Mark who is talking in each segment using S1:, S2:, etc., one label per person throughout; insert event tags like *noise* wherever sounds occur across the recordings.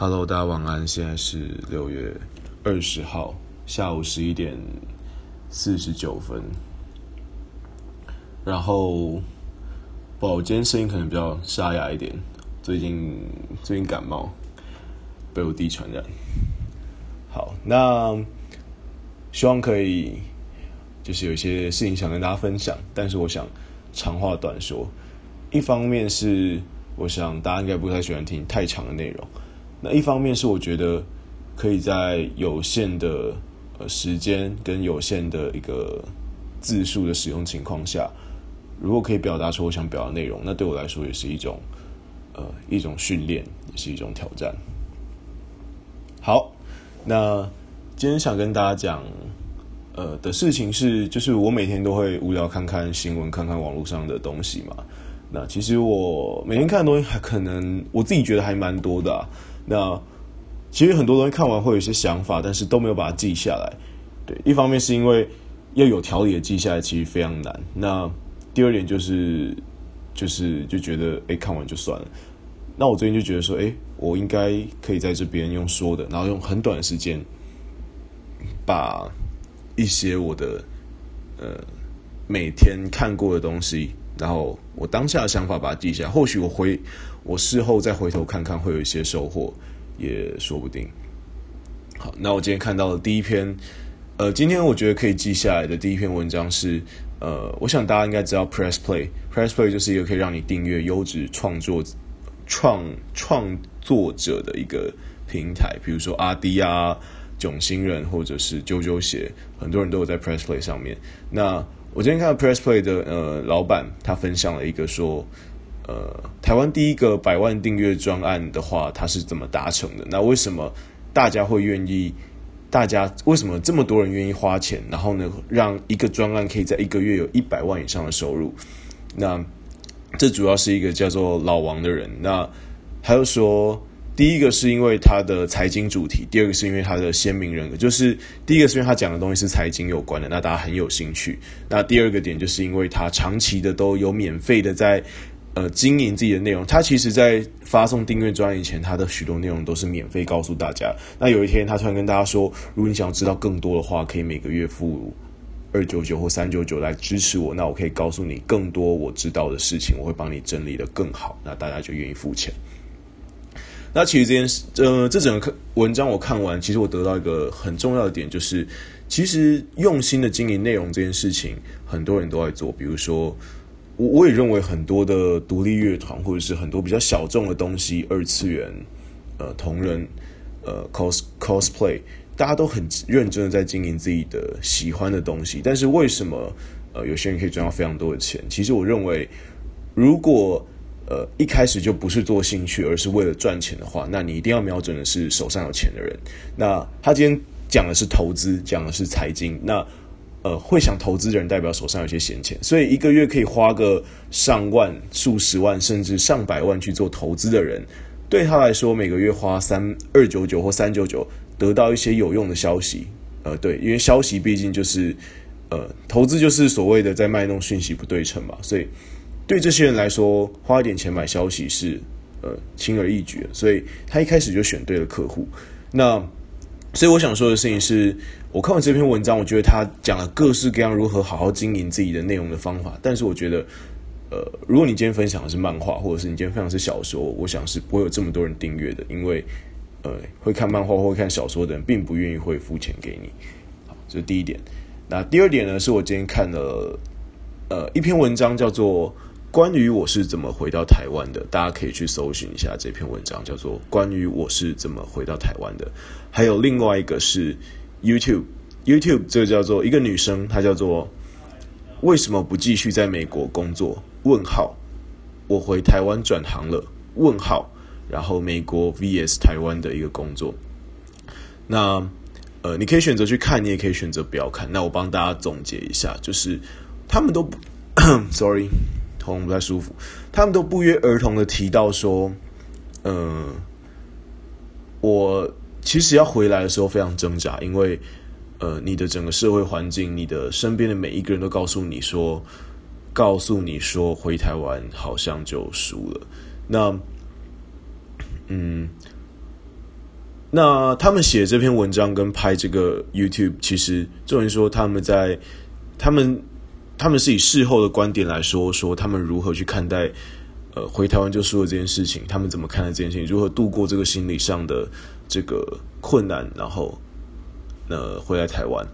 S1: Hello，大家晚安。現在是六月二十號下午十一點四十九分，然後，寶，今天聲音可能比較沙啞一點，最近最近感冒被我弟傳染。好，那希望可以就是有些事情想跟大家分享，但是我想長話短說。一方面是我想大家應該不太喜歡聽太長的內容。那一方面是我覺得可以在有限的呃時間跟有限的一個字數的使用情況下，如果可以表達出我想表達內容，那對我來說也是一種呃一種訓練，也是一種挑戰。好，那今天想跟大家講呃的事情是，就是我每天都會無聊看看新聞，看看網絡上的東西嘛。那其實我每天看的東西還可能我自己覺得還蠻多的啊。那其實很多東西看完會有一些想法，但是都沒有把它記下來。對，一方面是因為要有條理的記下來其實非常難。那第二點就是，就是就覺得，哎，欸，看完就算了。那我最近就覺得說，哎，欸，我應該可以在這邊用說的，然後用很短的時間把一些我的呃每天看過的東西，然後。我當下的想法把它記下來，或許我回我事後再回頭看看，會有一些收穫，也說不定。好，那我今天看到的第一篇，呃，今天我覺得可以記下來的第一篇文章是，呃，我想大家應該知道 Press Play，Press Play 就是一個可以讓你訂閱優質創作創創作者的一個平台，比如說阿滴啊、囧星人或者是啾啾鞋，很多人都有在 Press Play 上面。那我今天看到 PressPlay 的、呃老闆，他分享了一個說，呃，台灣第一個百萬訂閱專案的話，他是怎麼達成的？那為什麼大家會願意？大家為什麼這麼多人願意花錢？然後呢，讓一個專案可以在一個月有一百萬以上的收入？那這主要是一個叫做老王的人。那他又說。第一個是因為他的財經主題，第二個是因為他的鮮明人格。就是第一個是因為他講的東西是財經有關的，那大家很有興趣。那第二個點就是因為他長期的都有免費的在呃經營自己的內容，他其實在發送訂閱專欄以前，他的許多內容都是免費告訴大家。那有一天他突然跟大家說，如果你想要知道更多的話，可以每個月付二九九或三九九來支持我，那我可以告訴你更多我知道的事情，我會幫你整理得更好，那大家就願意付錢。那其實這件事，呃，這整個看文章我看完，其實我得到一個很重要的點，就是其實用心的經營內容這件事情，很多人都在做。比如說，我我也認為很多的獨立樂團，或者是很多比較小眾的東西，二次元、呃，同人、呃，cos cosplay，大家都很認真的在經營自己的喜歡的東西。但是為什麼呃有些人可以賺到非常多的錢？其實我認為如果呃，一開始就不是做興趣，而是為了賺錢的話，那你一定要瞄準的是手上有錢的人。那他今天講的是投資，講的是財經。那呃，會想投資的人，代表手上有些閒錢，所以一個月可以花個上萬、數十萬，甚至上百萬去做投資的人，對他來說，每個月花三二九九或三九九，得到一些有用的消息。呃，對，因為消息畢竟就是呃，投資就是所謂的在賣弄訊息不對稱嘛，所以。對這些人來說，花一點錢買消息是呃輕而易舉的，所以他一開始就選對了客戶。那所以我想說的事情是，我看完這篇文章，我覺得他講了各式各樣如何好好經營自己的內容的方法。但是我覺得，呃，如果你今天分享的是漫畫，或者是你今天分享是小說，我想是不會有這麼多人訂閱的，因為呃，會看漫畫或會看小說的人並不願意會付錢給你。好，這是第一點。那第二點呢，是我今天看了呃一篇文章，叫做。關於我是怎麼回到台灣的，大家可以去搜尋一下這篇文章，叫做《關於我是怎麼回到台灣的》。還有另外一個是 YouTube，YouTube，這個叫做一個女生，她叫做為什麼不繼續在美國工作？問號，我回台灣轉行了？問號。然後美國 VS 台灣的一個工作。那呃，你可以選擇去看，你也可以選擇不要看。那我幫大家總結一下，就是他們都不 *coughs* sorry。通通不太舒服，他們都不約而同的提到說，呃，我其實要回來的時候非常掙扎，因為呃，你的整個社會環境，你的身邊的每一個人都告訴你說，告訴你說回台灣好像就輸了。那，嗯，那他們寫這篇文章跟拍這個 YouTube，其實就容說他們在他們。他們是以事後的觀點來說，說他們如何去看待，呃，回台灣就輸了這件事情，他們怎麼看待這件事情，如何度過這個心理上的這個困難，然後，那、呃、回來台灣。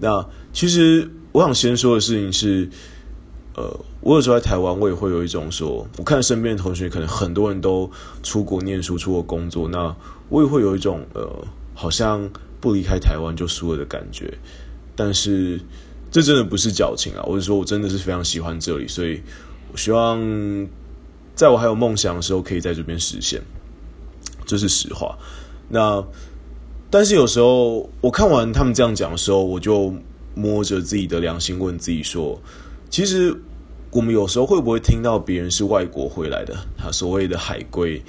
S1: 那其實我想先說的事情是，呃，我有時候在台灣，我也會有一種說，我看身邊的同學，可能很多人都出國念書、出國工作，那我也會有一種呃，好像不離開台灣就輸了的感覺，但是。這真的不是矯情啊！我是說，我真的是非常喜歡這裡，所以我希望在我還有夢想的時候，可以在這邊實現，這是實話。那但是有時候我看完他們這樣講的時候，我就摸着自己的良心問自己說：其實我們有時候會不會聽到別人是外國回來的？他所謂的海歸，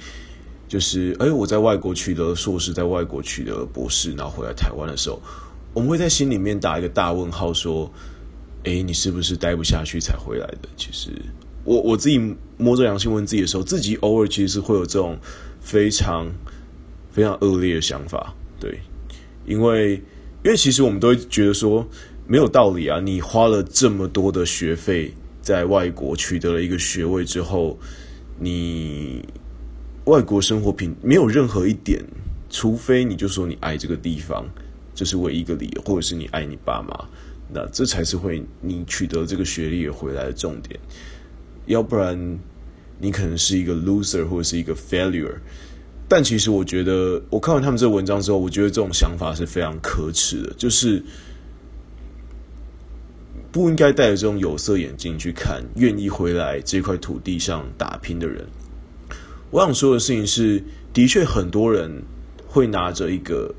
S1: 就是誒，我在外國取得碩士，在外國取得博士，然後回來台灣的時候。我們會在心裡面打一個大問號，說：“哎，你是不是待不下去才回來的？”其實我，我我自己摸着良心問自己的時候，自己偶爾其實是會有這種非常非常惡劣的想法，對，因為因為其實我們都會覺得說沒有道理啊！你花了這麼多的學費，在外國取得了一個學位之後，你外國生活品沒有任何一點，除非你就說你愛這個地方。就是唯一一個理由，或者是你愛你爸媽，那這才是會你取得這個學歷回來的重點。要不然，你可能是一個 loser 或者是一個 failure。但其實，我覺得我看完他們這個文章之後，我覺得這種想法是非常可恥的。就是不應該戴著這種有色眼鏡去看願意回來這塊土地上打拼的人。我想說的事情是，的確很多人會拿着一個。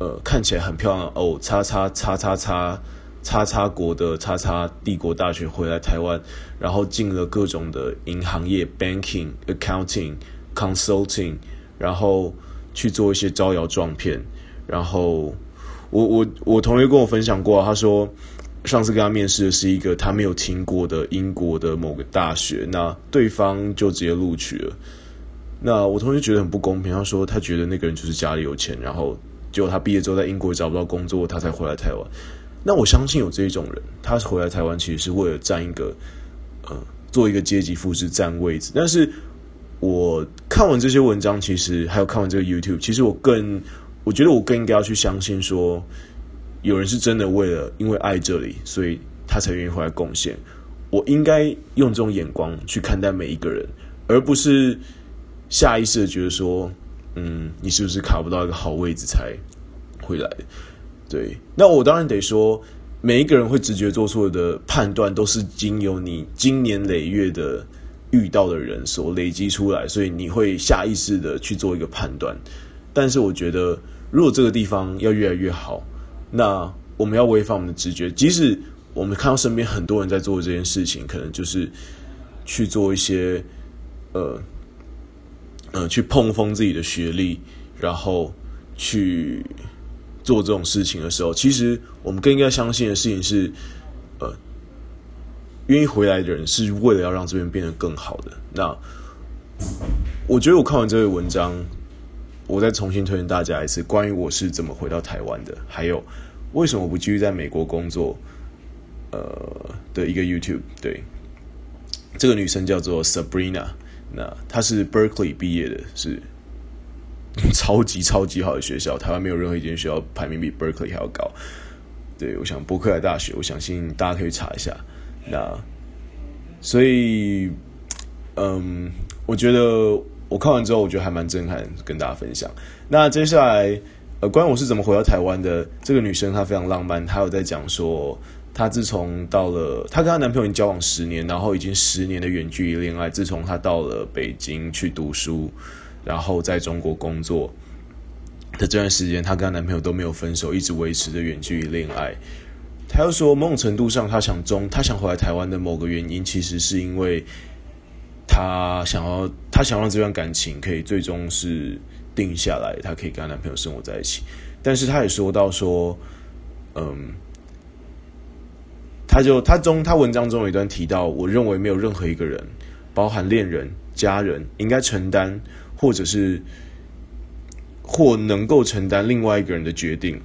S1: 呃，看起來很漂亮哦。叉叉叉叉叉叉叉，叉叉國的叉叉帝國大學回來台灣，然後進了各種的銀行業、banking、accounting、consulting，然後去做一些招搖撞騙。然後我我我同學跟我分享過啊，他說上次跟他面試的是一個他沒有聽過的英國的某個大學，那對方就直接錄取了。那我同學覺得很不公平，他說他覺得那個人就是家裡有錢，然後。結果他畢業之後在英國也找不到工作，他才回來台灣。那我相信有這種人，他回來台灣其實是為了佔一個，呃，做一個階級複製佔位置。但是我看完這些文章，其實還有看完這個 YouTube，其實我更我覺得我更應該要去相信說，有人是真的為了因為愛這裡，所以他才願意回來貢獻。我應該用這種眼光去看待每一個人，而不是下意識的覺得說。嗯，你是不是卡不到一個好位置才會來？對，那我當然得說，每一個人會直覺做出的判斷，都是經由你經年累月的遇到的人所累積出來，所以你會下意識的去做一個判斷。但是我覺得，如果這個地方要越來越好，那我們要違反我們的直覺，即使我們看到身邊很多人在做這件事情，可能就是去做一些呃。嗯、呃，去碰封自己的學歷，然後去做這種事情的時候，其實我們更應該相信的事情是，呃，願意回來的人是為了要讓這邊變得更好的。那我覺得我看完這篇文章，我再重新推薦大家一次關於我是怎麼回到台灣的，還有為什麼我不繼續在美國工作，呃的一個 YouTube，對，這個女生叫做 Sabrina。那他是 Berkeley 畢業的，是超級超級好的學校，台灣沒有任何一間學校排名比 Berkeley 還要高。對，我想伯克萊大學，我相信大家可以查一下。那所以，嗯，我覺得我看完之後，我覺得還蠻震撼，跟大家分享。那接下來，呃，關於我是怎麼回到台灣的，這個女生她非常浪漫，她有在講說。她自從到了，她跟她男朋友已經交往十年，然後已經十年的遠距離戀愛。自從她到了北京去讀書，然後在中國工作的這段時間，她跟她男朋友都沒有分手，一直維持着遠距離戀愛。她又說，某種程度上他，她想中，她想回來台灣的某個原因，其實是因為她想要，她想讓這段感情可以最終是定下來，她可以跟她男朋友生活在一起。但是她也說到說，嗯。他就他中他文章中有一段提到，我認為沒有任何一個人，包含戀人、家人，應該承擔或者是或能夠承擔另外一個人的決定，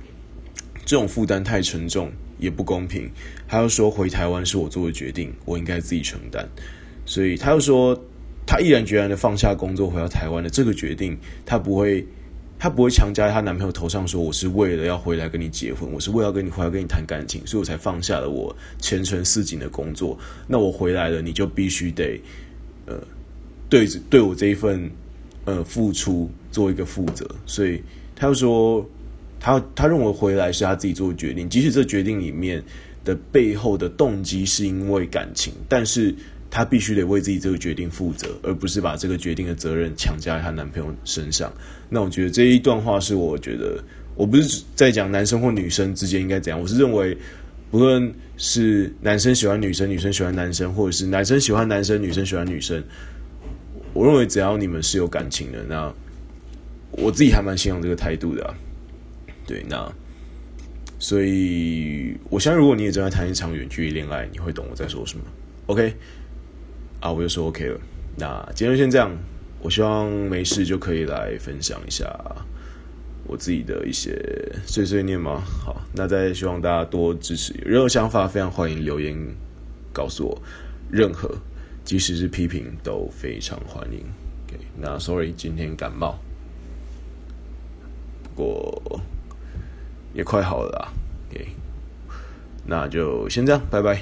S1: 這種負擔太沉重也不公平。他又說回台灣是我做的決定，我應該自己承擔。所以他又說他毅然決然的放下工作回到台灣的這個決定，他不會。她不會強加在她男朋友頭上，說我是為了要回來跟你結婚，我是為了要跟你回來跟你談感情，所以我才放下了我前程似錦的工作。那我回來了，你就必須得，呃，對對我這一份呃付出做一個負責。所以他就說他，他認為回來是他自己做的決定，即使這決定裡面的背後的動機是因為感情，但是。她必須得為自己這個決定負責，而不是把這個決定的責任強加在她男朋友身上。那我覺得這一段話是我覺得我不是在講男生或女生之間應該怎樣，我是認為不論是男生喜歡女生、女生喜歡男生，或者是男生喜歡男生、女生喜歡女生，我認為只要你們是有感情的，那我自己還蠻欣賞這個態度的啊。對，那所以我相信如果你也正在談一場遠距離戀愛，你會懂我在說什麼。OK。啊，我就說 OK 了。那今天先這樣，我希望沒事就可以來分享一下我自己的一些碎碎念嘛。好，那再希望大家多支持，有任何想法非常歡迎留言告訴我，任何即使是批評都非常歡迎。Okay, 那 Sorry 今天感冒，不過也快好了啦。OK，那就先這樣，拜拜。